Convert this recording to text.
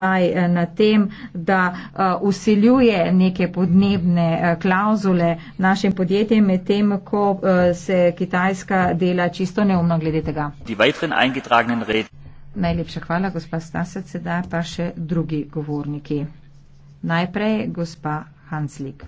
Eh, na tem, da usiljuje eh, neke podnebne eh, klauzule našim podjetjem, medtem ko se Kitajska dela čisto neumno glede tega. Najlepša hvala, gospa Stasec, sedaj pa še drugi govorniki. Najprej gospa Hanslik.